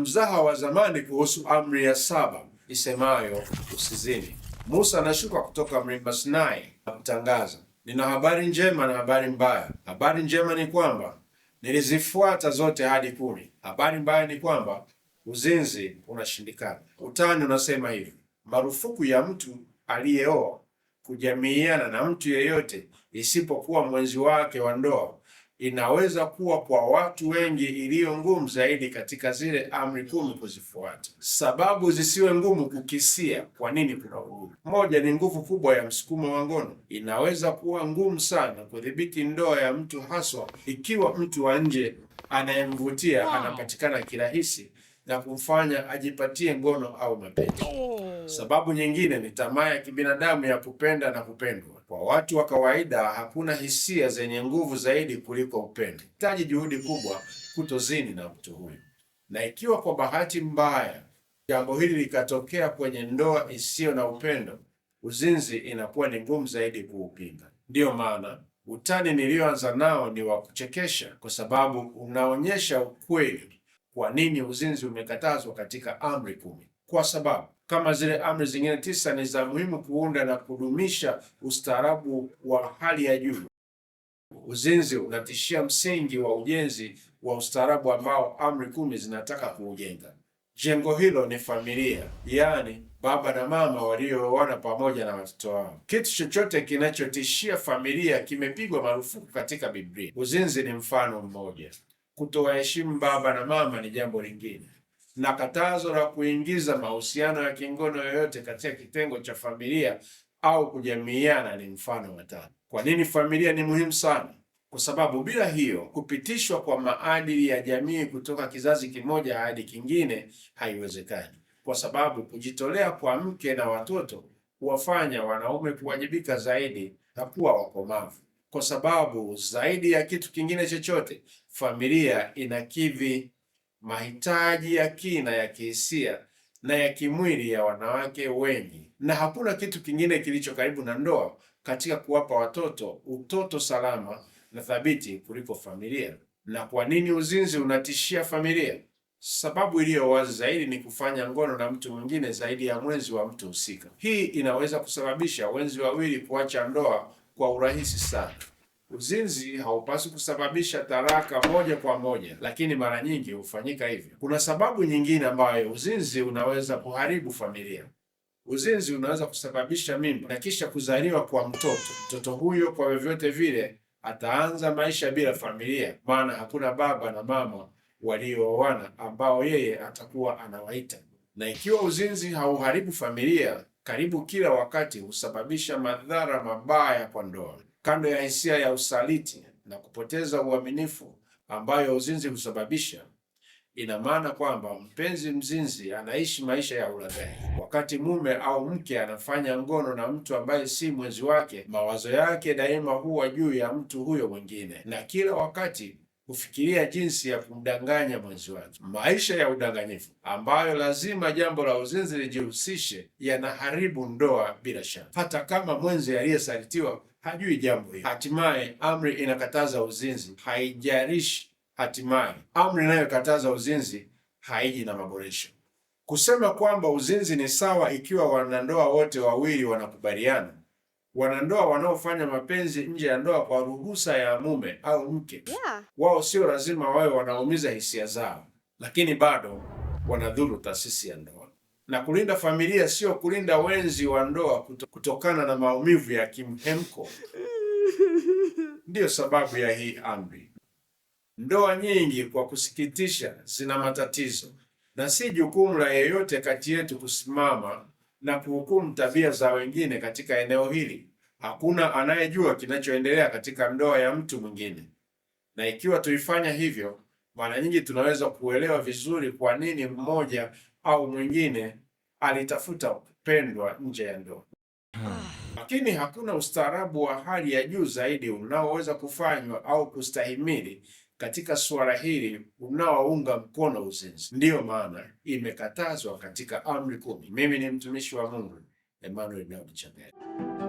mzaha wa zamani kuhusu amri ya saba isemayo usizini. Musa anashuka kutoka mlima Sinai na kutangaza, nina habari njema na habari mbaya. Habari njema ni kwamba nilizifuata zote hadi kumi. Habari mbaya ni kwamba uzinzi unashindikana. Utani unasema hivi: marufuku ya mtu aliyeoa kujamiiana na mtu yeyote isipokuwa mwenzi wake wa ndoa inaweza kuwa kwa watu wengi iliyo ngumu zaidi katika zile amri kumi kuzifuata. Sababu zisiwe ngumu kukisia kwa nini kuna huruma. Moja ni nguvu kubwa ya msukumo wa ngono. Inaweza kuwa ngumu sana kudhibiti ndoa ya mtu haswa ikiwa mtu wa nje anayemvutia anapatikana kirahisi na kumfanya ajipatie ngono au mapenzi. Oh. Sababu nyingine ni tamaa ya kibinadamu ya kupenda na kupendwa. Kwa watu wa kawaida, hakuna hisia zenye nguvu zaidi kuliko upendo. Hitaji juhudi kubwa kutozini na mtu huyu, na ikiwa kwa bahati mbaya jambo hili likatokea kwenye ndoa isiyo na upendo, uzinzi inakuwa ni ngumu zaidi kuupinga. Ndiyo maana utani niliyoanza nao ni wa kuchekesha, kwa sababu unaonyesha ukweli kwa nini uzinzi umekatazwa katika amri kumi? Kwa sababu kama zile amri zingine tisa ni za muhimu kuunda na kudumisha ustaarabu wa hali ya juu, uzinzi unatishia msingi wa ujenzi wa ustaarabu ambao amri kumi zinataka kuujenga. Jengo hilo ni familia, yaani baba na mama walioana pamoja na watoto wao. Kitu chochote kinachotishia familia kimepigwa marufuku katika Biblia. Uzinzi ni mfano mmoja kutowaheshimu baba na mama ni jambo lingine, na katazo la kuingiza mahusiano ya kingono yoyote katika kitengo cha familia au kujamiiana ni mfano wa tano. Kwa nini familia ni muhimu sana? Kwa sababu bila hiyo kupitishwa kwa maadili ya jamii kutoka kizazi kimoja hadi kingine haiwezekani, kwa sababu kujitolea kwa mke na watoto huwafanya wanaume kuwajibika zaidi na kuwa wakomavu kwa sababu zaidi ya kitu kingine chochote, familia inakidhi mahitaji ya kina ya kihisia na ya kimwili ya wanawake wengi, na hakuna kitu kingine kilicho karibu na ndoa katika kuwapa watoto utoto salama na thabiti kuliko familia. Na kwa nini uzinzi unatishia familia? Sababu iliyo wazi zaidi ni kufanya ngono na mtu mwingine zaidi ya mwenzi wa mtu husika. Hii inaweza kusababisha wenzi wawili kuacha ndoa kwa urahisi sana. Uzinzi haupaswi kusababisha talaka moja kwa moja, lakini mara nyingi hufanyika hivyo. Kuna sababu nyingine ambayo uzinzi unaweza kuharibu familia. Uzinzi unaweza kusababisha mimba na kisha kuzaliwa kwa mtoto. Mtoto huyo kwa vyovyote vile ataanza maisha bila familia, maana hakuna baba na mama waliooana ambao yeye atakuwa anawaita. Na ikiwa uzinzi hauharibu familia, karibu kila wakati husababisha madhara mabaya kwa ndoa, kando ya hisia ya usaliti na kupoteza uaminifu ambayo uzinzi husababisha. Ina maana kwamba mpenzi mzinzi anaishi maisha ya ulaghai. Wakati mume au mke anafanya ngono na mtu ambaye si mwenzi wake, mawazo yake daima huwa juu ya mtu huyo mwingine, na kila wakati kufikiria jinsi ya kumdanganya mwenzi wake. Maisha ya udanganyifu ambayo lazima jambo la uzinzi lijihusishe yanaharibu ndoa bila shaka, hata kama mwenzi aliyesalitiwa hajui jambo hili. Hatimaye amri inakataza uzinzi haijarishi, hatimaye amri inayokataza uzinzi haiji na maboresho. Kusema kwamba uzinzi ni sawa ikiwa wanandoa wote wawili wanakubaliana wanandoa wanaofanya mapenzi nje ya ndoa kwa ruhusa ya mume au mke yeah, wao sio lazima wawe wanaumiza hisia zao, lakini bado wanadhuru taasisi ya ndoa. Na kulinda familia sio kulinda wenzi wa ndoa kutokana na maumivu ya kimhemko. Ndiyo sababu ya hii amri. Ndoa nyingi kwa kusikitisha, zina matatizo na si jukumu la yeyote kati yetu kusimama na kuhukumu tabia za wengine katika eneo hili. Hakuna anayejua kinachoendelea katika ndoa ya mtu mwingine, na ikiwa tuifanya hivyo, mara nyingi tunaweza kuelewa vizuri kwa nini mmoja au mwingine alitafuta kupendwa nje ya ndoa. Lakini hakuna ustaarabu wa hali ya juu zaidi unaoweza kufanywa au kustahimili katika suala hili unaounga mkono uzinzi. Ndiyo maana imekatazwa katika amri kumi. Mimi ni mtumishi wa Mungu Emmanuel Neo